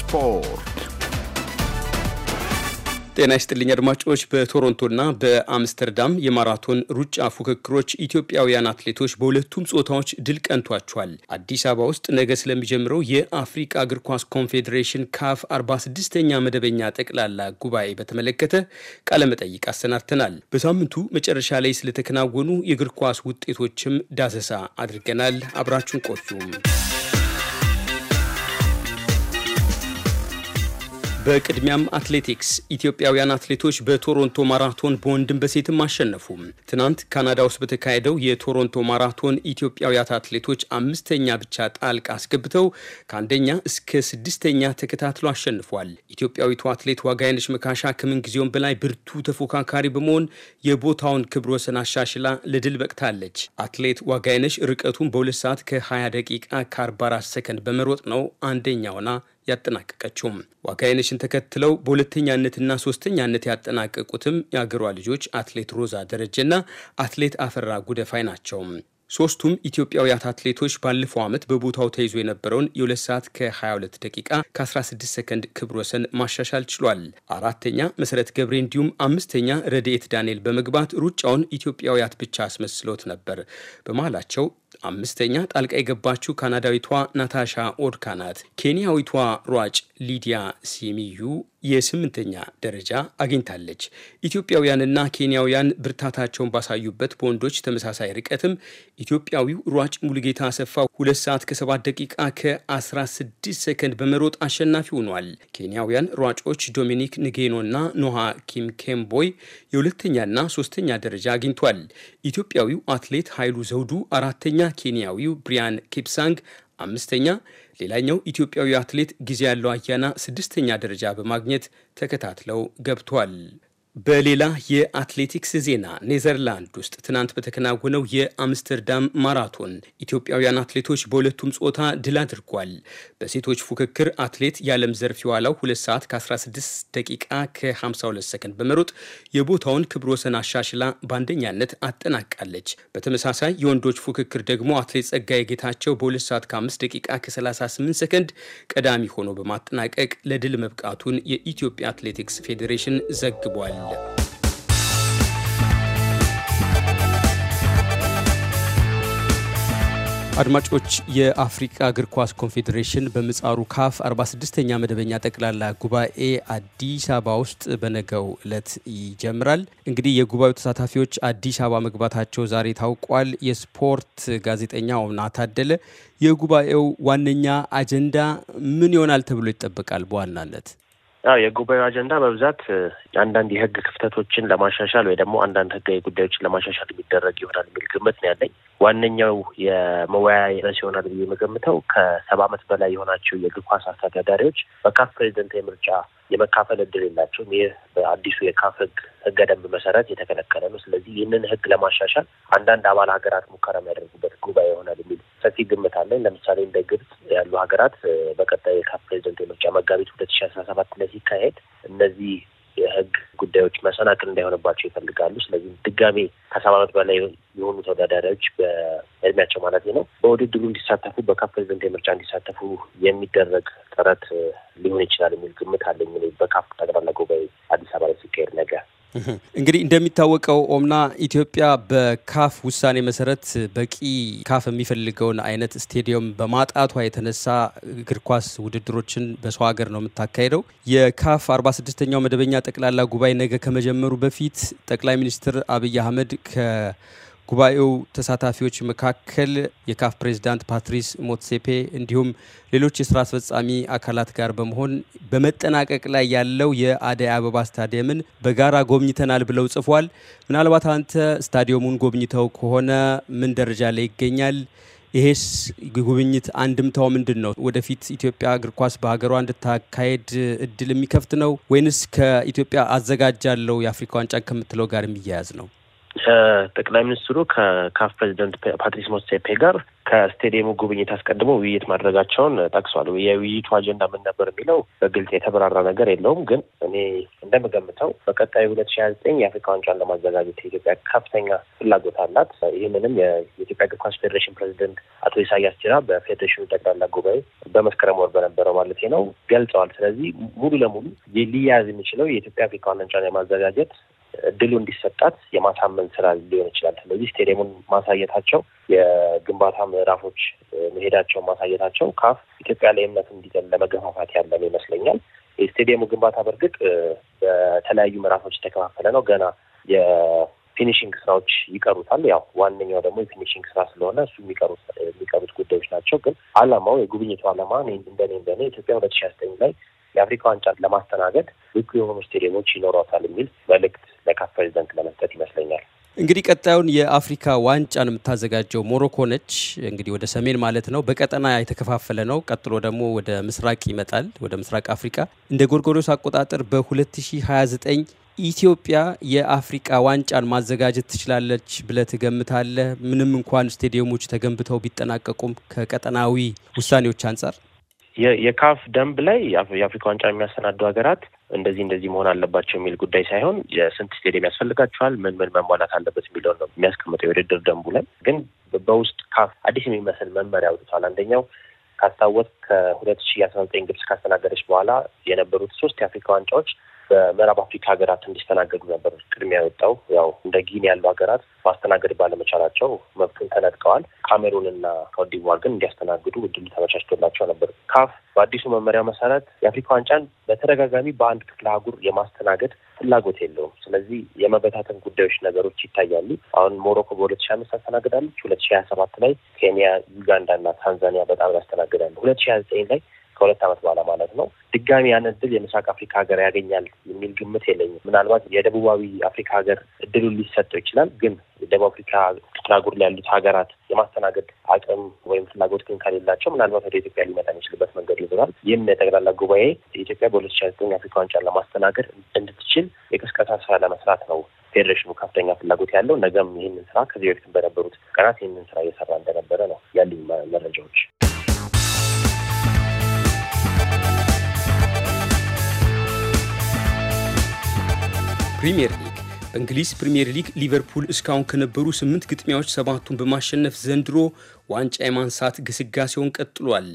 ስፖርት ጤና ይስጥልኝ አድማጮች። በቶሮንቶና በአምስተርዳም የማራቶን ሩጫ ፉክክሮች ኢትዮጵያውያን አትሌቶች በሁለቱም ጾታዎች ድል ቀንቷቸዋል። አዲስ አበባ ውስጥ ነገ ስለሚጀምረው የአፍሪቃ እግር ኳስ ኮንፌዴሬሽን ካፍ 46ኛ መደበኛ ጠቅላላ ጉባኤ በተመለከተ ቃለመጠይቅ አሰናድተናል። በሳምንቱ መጨረሻ ላይ ስለተከናወኑ የእግር ኳስ ውጤቶችም ዳሰሳ አድርገናል። አብራችሁን ቆዩም በቅድሚያም አትሌቲክስ ኢትዮጵያውያን አትሌቶች በቶሮንቶ ማራቶን በወንድም በሴትም አሸነፉ። ትናንት ካናዳ ውስጥ በተካሄደው የቶሮንቶ ማራቶን ኢትዮጵያውያት አትሌቶች አምስተኛ ብቻ ጣልቅ አስገብተው ከአንደኛ እስከ ስድስተኛ ተከታትሎ አሸንፏል። ኢትዮጵያዊቱ አትሌት ዋጋይነች መካሻ ከምን ጊዜውም በላይ ብርቱ ተፎካካሪ በመሆን የቦታውን ክብረ ወሰን አሻሽላ ለድል በቅታለች። አትሌት ዋጋይነሽ ርቀቱን በሁለት ሰዓት ከ20 ደቂቃ ከ44 ሰከንድ በመሮጥ ነው አንደኛውና ያጠናቀቀችው። ዋካይነሽን ተከትለው በሁለተኛነትና ሶስተኛነት ያጠናቀቁትም የአገሯ ልጆች አትሌት ሮዛ ደረጀና አትሌት አፈራ ጉደፋይ ናቸው። ሶስቱም ኢትዮጵያውያት አትሌቶች ባለፈው ዓመት በቦታው ተይዞ የነበረውን 2 ሰዓት ከ22 ደቂቃ ከ16 ሰከንድ ክብር ወሰን ማሻሻል ችሏል። አራተኛ መሰረት ገብሬ እንዲሁም አምስተኛ ረድኤት ዳንኤል በመግባት ሩጫውን ኢትዮጵያውያት ብቻ አስመስሎት ነበር። በመሃላቸው አምስተኛ ጣልቃ የገባችው ካናዳዊቷ ናታሻ ኦድካ ናት። ኬንያዊቷ ሯጭ ሊዲያ ሲሚዩ የስምንተኛ ደረጃ አግኝታለች። ኢትዮጵያውያንና ኬንያውያን ብርታታቸውን ባሳዩበት በወንዶች ተመሳሳይ ርቀትም ኢትዮጵያዊው ሯጭ ሙሉጌታ አሰፋ ሁለት ሰዓት ከሰባት ደቂቃ ከ16 ሰከንድ በመሮጥ አሸናፊ ሆኗል። ኬንያውያን ሯጮች ዶሚኒክ ንጌኖና ኖሃ ኪም ኬምቦይ የሁለተኛና ሶስተኛ ደረጃ አግኝቷል። ኢትዮጵያዊው አትሌት ኃይሉ ዘውዱ አራተኛ፣ ኬንያዊው ብሪያን ኪፕሳንግ አምስተኛ፣ ሌላኛው ኢትዮጵያዊ አትሌት ጊዜ ያለው አያና ስድስተኛ ደረጃ በማግኘት ተከታትለው ገብቷል። በሌላ የአትሌቲክስ ዜና ኔዘርላንድ ውስጥ ትናንት በተከናወነው የአምስተርዳም ማራቶን ኢትዮጵያውያን አትሌቶች በሁለቱም ጾታ ድል አድርጓል። በሴቶች ፉክክር አትሌት የዓለም ዘርፍ የዋላው 2 ሰዓት ከ16 ደቂቃ ከ52 ሰከንድ በመሮጥ የቦታውን ክብረ ወሰን አሻሽላ በአንደኛነት አጠናቃለች። በተመሳሳይ የወንዶች ፉክክር ደግሞ አትሌት ጸጋዬ ጌታቸው በ2 ሰዓት ከ5 ደቂቃ ከ38 ሰከንድ ቀዳሚ ሆኖ በማጠናቀቅ ለድል መብቃቱን የኢትዮጵያ አትሌቲክስ ፌዴሬሽን ዘግቧል። አለ። አድማጮች የአፍሪካ እግር ኳስ ኮንፌዴሬሽን በምጻሩ ካፍ 46ኛ መደበኛ ጠቅላላ ጉባኤ አዲስ አበባ ውስጥ በነገው ዕለት ይጀምራል። እንግዲህ የጉባኤው ተሳታፊዎች አዲስ አበባ መግባታቸው ዛሬ ታውቋል። የስፖርት ጋዜጠኛ ኦምና ታደለ፣ የጉባኤው ዋነኛ አጀንዳ ምን ይሆናል ተብሎ ይጠበቃል በዋናነት? አዎ የጉባኤው አጀንዳ በብዛት አንዳንድ የህግ ክፍተቶችን ለማሻሻል ወይ ደግሞ አንዳንድ ህጋዊ ጉዳዮችን ለማሻሻል የሚደረግ ይሆናል የሚል ግምት ነው ያለኝ። ዋነኛው የመወያያ ርዕስ ብዬ የምገምተው ከሰባ ዓመት በላይ የሆናቸው የእግር ኳስ አስተዳዳሪዎች በካፍ ፕሬዚደንታዊ ምርጫ የመካፈል እድል የላቸውም። ይህ በአዲሱ የካፍ ህግ ህገ ደንብ መሰረት የተከለከለ ነው። ስለዚህ ይህንን ህግ ለማሻሻል አንዳንድ አባል ሀገራት ሙከራ የሚያደርጉበት ጉባኤ ይሆናል የሚል ሰፊ ግምት አለን። ለምሳሌ እንደ ግብጽ ያሉ ሀገራት በቀጣይ የካፍ ፕሬዚደንታዊ ምርጫ መጋቢት ሁለት ሺ አስራ ሰባት ላይ ሲካሄድ እነዚህ የህግ ጉዳዮች መሰናክል እንዳይሆንባቸው ይፈልጋሉ። ስለዚህ ድጋሜ ከሰባ ዓመት በላይ የሆኑ ተወዳዳሪዎች በእድሜያቸው ማለት ነው በውድድሩ እንዲሳተፉ በካፍ ዘንድ ምርጫ እንዲሳተፉ የሚደረግ ጥረት ሊሆን ይችላል የሚል ግምት አለኝ። በካፍ ጠቅላላ ጉባኤ አዲስ አበባ ላይ ሲካሄድ ነገር እንግዲህ እንደሚታወቀው ኦምና ኢትዮጵያ በካፍ ውሳኔ መሰረት በቂ ካፍ የሚፈልገውን አይነት ስቴዲየም በማጣቷ የተነሳ እግር ኳስ ውድድሮችን በሰው ሀገር ነው የምታካሄደው። የካፍ 46ኛው መደበኛ ጠቅላላ ጉባኤ ነገ ከመጀመሩ በፊት ጠቅላይ ሚኒስትር አብይ አህመድ ከ ጉባኤው ተሳታፊዎች መካከል የካፍ ፕሬዚዳንት ፓትሪስ ሞትሴፔ እንዲሁም ሌሎች የስራ አስፈጻሚ አካላት ጋር በመሆን በመጠናቀቅ ላይ ያለው የአደይ አበባ ስታዲየምን በጋራ ጎብኝተናል ብለው ጽፏል። ምናልባት አንተ ስታዲየሙን ጎብኝተው ከሆነ ምን ደረጃ ላይ ይገኛል? ይሄስ ጉብኝት አንድምታው ምንድን ነው? ወደፊት ኢትዮጵያ እግር ኳስ በሀገሯ እንድታካሄድ እድል የሚከፍት ነው ወይንስ ከኢትዮጵያ አዘጋጃለው የአፍሪካ ዋንጫን ከምትለው ጋር የሚያያዝ ነው? ጠቅላይ ሚኒስትሩ ከካፍ ፕሬዚደንት ፓትሪስ ሞሴፔ ጋር ከስቴዲየሙ ጉብኝት አስቀድሞ ውይይት ማድረጋቸውን ጠቅሷል። የውይይቱ አጀንዳ ምን ነበር የሚለው በግልጽ የተብራራ ነገር የለውም። ግን እኔ እንደምገምተው በቀጣዩ ሁለት ሺ ሀያ ዘጠኝ የአፍሪካ ዋንጫን ለማዘጋጀት የኢትዮጵያ ከፍተኛ ፍላጎት አላት። ይህንንም የኢትዮጵያ እግር ኳስ ፌዴሬሽን ፕሬዚደንት አቶ ኢሳያስ ጅራ በፌዴሬሽኑ ጠቅላላ ጉባኤ በመስከረም ወር በነበረው ማለት ነው ገልጸዋል። ስለዚህ ሙሉ ለሙሉ ሊያያዝ የሚችለው የኢትዮጵያ አፍሪካ ዋንጫን ለማዘጋጀት እድሉ እንዲሰጣት የማሳመን ስራ ሊሆን ይችላል። ስለዚህ ስቴዲየሙን ማሳየታቸው፣ የግንባታ ምዕራፎች መሄዳቸውን ማሳየታቸው ካፍ ኢትዮጵያ ላይ እምነት እንዲጥል ለመገፋፋት ያለም ይመስለኛል። የስቴዲየሙ ግንባታ በእርግጥ በተለያዩ ምዕራፎች የተከፋፈለ ነው። ገና የፊኒሽንግ ስራዎች ይቀሩታል። ያው ዋነኛው ደግሞ የፊኒሽንግ ስራ ስለሆነ እሱ የሚቀሩት ጉዳዮች ናቸው። ግን አላማው የጉብኝቱ አላማ እንደኔ እንደኔ ኢትዮጵያ ሁለት ሺ ዘጠኝ ላይ የአፍሪካ ዋንጫን ለማስተናገድ ብቁ የሆኑ ስቴዲየሞች ይኖሯታል የሚል መልእክት ለካፍ ፕሬዚደንት ለመስጠት ይመስለኛል። እንግዲህ ቀጣዩን የአፍሪካ ዋንጫን የምታዘጋጀው ሞሮኮ ነች። እንግዲህ ወደ ሰሜን ማለት ነው፣ በቀጠና የተከፋፈለ ነው። ቀጥሎ ደግሞ ወደ ምስራቅ ይመጣል፣ ወደ ምስራቅ አፍሪካ። እንደ ጎርጎሪዮስ አቆጣጠር በ2029 ኢትዮጵያ የአፍሪቃ ዋንጫን ማዘጋጀት ትችላለች ብለህ ትገምታለህ? ምንም እንኳን ስቴዲየሞች ተገንብተው ቢጠናቀቁም ከቀጠናዊ ውሳኔዎች አንጻር የካፍ ደንብ ላይ የአፍሪካ ዋንጫ የሚያሰናዱ ሀገራት እንደዚህ እንደዚህ መሆን አለባቸው የሚል ጉዳይ ሳይሆን የስንት ስቴዲየም ያስፈልጋቸዋል፣ ምን ምን መሟላት አለበት የሚለውን ነው የሚያስቀምጠው የውድድር ደንቡ ላይ። ግን በውስጥ ካፍ አዲስ የሚመስል መመሪያ አውጥቷል። አንደኛው ካስታወት ከሁለት ሺ አስራ ዘጠኝ ግብጽ ካስተናገደች በኋላ የነበሩት ሶስት የአፍሪካ ዋንጫዎች በምዕራብ አፍሪካ ሀገራት እንዲስተናገዱ ነበር ቅድሚያ የወጣው። ያው እንደ ጊኒ ያሉ ሀገራት ማስተናገድ ባለመቻላቸው መብትን ተነጥቀዋል። ካሜሩንና ኮትዲቯር ግን እንዲያስተናግዱ እድል ተመቻችቶላቸው ነበር። ካፍ በአዲሱ መመሪያ መሰረት የአፍሪካ ዋንጫን በተደጋጋሚ በአንድ ክፍለ አህጉር የማስተናገድ ፍላጎት የለውም። ስለዚህ የመበታተን ጉዳዮች ነገሮች ይታያሉ። አሁን ሞሮኮ በሁለት ሺ አምስት ታስተናግዳለች። ሁለት ሺ ሀያ ሰባት ላይ ኬንያ፣ ዩጋንዳ እና ታንዛኒያ በጣም ያስተናግዳሉ። ሁለት ሺ ሀያ ዘጠኝ ላይ ከሁለት ዓመት በኋላ ማለት ነው ድጋሚ ያንን እድል የምስራቅ አፍሪካ ሀገር ያገኛል የሚል ግምት የለኝም። ምናልባት የደቡባዊ አፍሪካ ሀገር እድሉ ሊሰጠው ይችላል። ግን የደቡብ አፍሪካ ፍላጎር ላይ ያሉት ሀገራት የማስተናገድ አቅም ወይም ፍላጎት ግን ከሌላቸው ምናልባት ወደ ኢትዮጵያ ሊመጣ የሚችልበት መንገድ ይኖራል። ይህም የጠቅላላ ጉባኤ የኢትዮጵያ በሁለት ሺ ዘጠኝ አፍሪካ ዋንጫ ለማስተናገድ እንድትችል የቅስቀሳ ስራ ለመስራት ነው ፌዴሬሽኑ ከፍተኛ ፍላጎት ያለው ነገም ይህንን ስራ ከዚህ በፊት በነበሩት ቀናት ይህንን ስራ እየሰራ እንደነበረ ነው ያሉኝ መረጃዎች። ፕሪምየር ሊግ በእንግሊዝ ፕሪምየር ሊግ ሊቨርፑል እስካሁን ከነበሩ ስምንት ግጥሚያዎች ሰባቱን በማሸነፍ ዘንድሮ ዋንጫ የማንሳት ግስጋሴውን ቀጥሏል።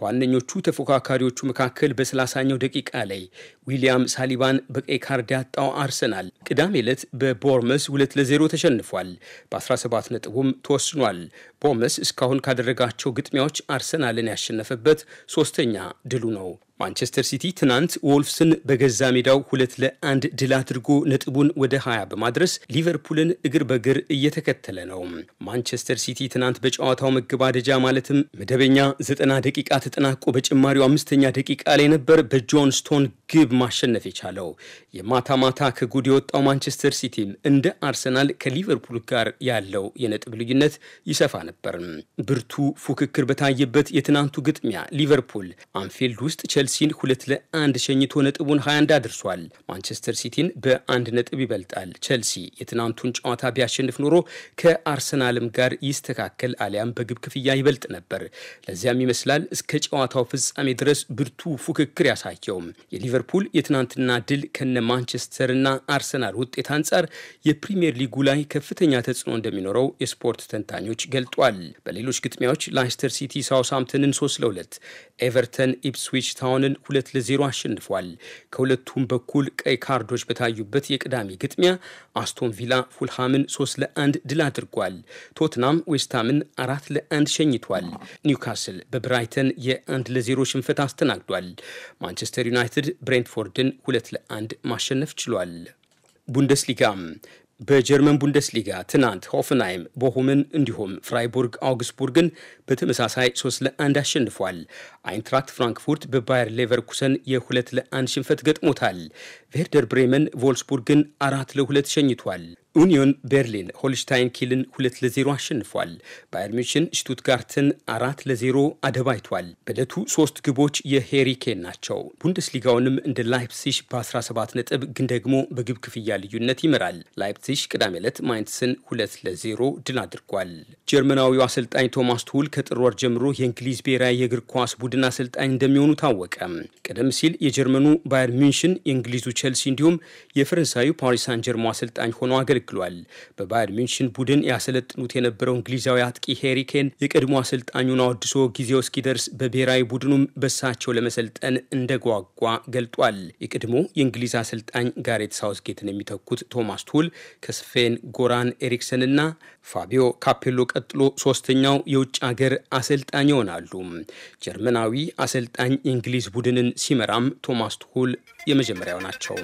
ከዋነኞቹ ተፎካካሪዎቹ መካከል በሰላሳኛው ደቂቃ ላይ ዊሊያም ሳሊባን በቀይ ካርድ ያጣው አርሰናል ቅዳሜ ዕለት በቦርመስ ሁለት ለዜሮ ተሸንፏል። በ17 ነጥቡም ተወስኗል። ቦርመስ እስካሁን ካደረጋቸው ግጥሚያዎች አርሰናልን ያሸነፈበት ሶስተኛ ድሉ ነው። ማንቸስተር ሲቲ ትናንት ወልፍስን በገዛ ሜዳው ሁለት ለአንድ ድል አድርጎ ነጥቡን ወደ 20 በማድረስ ሊቨርፑልን እግር በእግር እየተከተለ ነው። ማንቸስተር ሲቲ ትናንት በጨዋታው መገባደጃ ማለትም መደበኛ ዘጠና ደቂቃ ተጠናቆ በጭማሪው አምስተኛ ደቂቃ ላይ ነበር በጆን ስቶን ግብ ማሸነፍ የቻለው። የማታ ማታ ከጉድ የወጣው ማንቸስተር ሲቲም እንደ አርሰናል ከሊቨርፑል ጋር ያለው የነጥብ ልዩነት ይሰፋ ነበር። ብርቱ ፉክክር በታየበት የትናንቱ ግጥሚያ ሊቨርፑል አንፊልድ ውስጥ ቼልሲን ሁለት ለአንድ ሸኝቶ ነጥቡን 21 አድርሷል። ማንቸስተር ሲቲን በአንድ ነጥብ ይበልጣል። ቼልሲ የትናንቱን ጨዋታ ቢያሸንፍ ኖሮ ከአርሰናልም ጋር ይስተካከል አሊያም በግብ ክፍያ ይበልጥ ነበር። ለዚያም ይመስላል እስከ ጨዋታው ፍጻሜ ድረስ ብርቱ ፉክክር ያሳየውም። የሊቨርፑል የትናንትና ድል ከነ ማንቸስተርና አርሰናል ውጤት አንጻር የፕሪምየር ሊጉ ላይ ከፍተኛ ተጽዕኖ እንደሚኖረው የስፖርት ተንታኞች ገልጧል። በሌሎች ግጥሚያዎች ላይስተር ሲቲ ሳውስሃምፕተንን 3 ለ2፣ ኤቨርተን ኢፕስዊች ታውን ኬፕታውንን ሁለት ለዜሮ አሸንፏል። ከሁለቱም በኩል ቀይ ካርዶች በታዩበት የቅዳሜ ግጥሚያ አስቶን ቪላ ፉልሃምን ሶስት ለአንድ ድል አድርጓል። ቶትናም ዌስትሃምን አራት ለአንድ ሸኝቷል። ኒውካስል በብራይተን የአንድ ለዜሮ ሽንፈት አስተናግዷል። ማንቸስተር ዩናይትድ ብሬንትፎርድን ሁለት ለአንድ ማሸነፍ ችሏል። ቡንደስሊጋ በጀርመን ቡንደስሊጋ ትናንት ሆፍንሃይም ቦሁምን እንዲሁም ፍራይቡርግ አውግስቡርግን በተመሳሳይ 3 ለአንድ አሸንፏል። አይንትራክት ፍራንክፉርት በባየር ሌቨርኩሰን የሁለት ለአንድ ሽንፈት ገጥሞታል። ቬርደር ብሬመን ቮልስቡርግን አራት ለሁለት ሸኝቷል። ኡኒዮን ቤርሊን ሆልሽታይን ኪልን ለ ለዜሮ አሸንፏል። ባየር ሚሽን ሽቱትጋርትን አራት ለዜሮ አደባይቷል። በዕለቱ ሶስት ግቦች የሄሪኬን ናቸው። ቡንደስሊጋውንም እንደ ላይፕሲሽ በ17 ነጥብ ግን ደግሞ በግብ ክፍያ ልዩነት ይመራል። ላይፕሲሽ ቅዳሜ ዕለት ማይንስን ለ ለዜሮ ድል አድርጓል። ጀርመናዊው አሰልጣኝ ቶማስ ቱል ከጥር ወር ጀምሮ የእንግሊዝ ብሔራዊ የእግር ኳስ ቡድን አሰልጣኝ እንደሚሆኑ ታወቀ። ቀደም ሲል የጀርመኑ ባየር ሚንሽን፣ የእንግሊዙ ቼልሲ እንዲሁም የፈረንሳዩ ፓሪስ ሳን ጀርሞ አሰልጣኝ ሆኖ አገልግሏል። በባየር ሚንሽን ቡድን ያሰለጥኑት የነበረው እንግሊዛዊ አጥቂ ሄሪኬን የቀድሞ አሰልጣኙን አወድሶ ጊዜው እስኪደርስ በብሔራዊ ቡድኑም በሳቸው ለመሰልጠን እንደጓጓ ገልጧል። የቀድሞ የእንግሊዝ አሰልጣኝ ጋሬት ሳውስጌትን የሚተኩት ቶማስ ቱል ከስፌን ጎራን ኤሪክሰን ፋቢዮ ካፔሎ ቀጥሎ ሶስተኛው የውጭ አገር አሰልጣኝ ይሆናሉ። ጀርመናዊ አሰልጣኝ እንግሊዝ ቡድንን ሲመራም ቶማስ ቱሁል የመጀመሪያው ናቸው።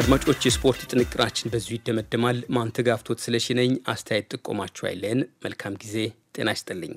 አድማጮች፣ የስፖርት ጥንቅራችን በዙ ይደመደማል። ማንተጋፍቶት ስለሽነኝ አስተያየት ጥቆማችሁ አይለን። መልካም ጊዜ። ጤና ይስጥልኝ።